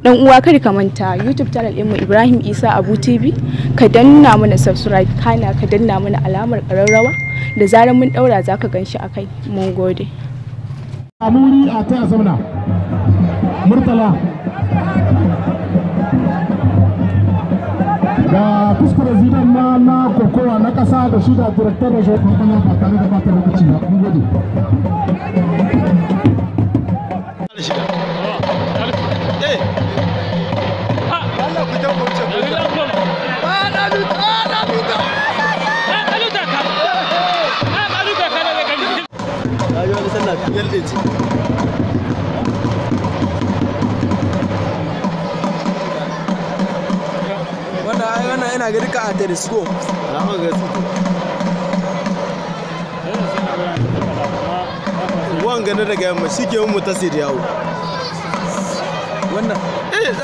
dan uwa kada ka manta youtube channel mu ibrahim isa abu tv ka danna mana subscribe kana ka danna mana alamar ƙararrawa da zarar mun daura za ka ganshi a kai mun gode amuri a ta zamna murtala ga kuskure zidan na na kokowa na kasa da shi da director da shi ba tare da bata da lokaci ba mun gode Hey! wannan yana a telescope za ga wan gane daga yamma shi ke wannan eh.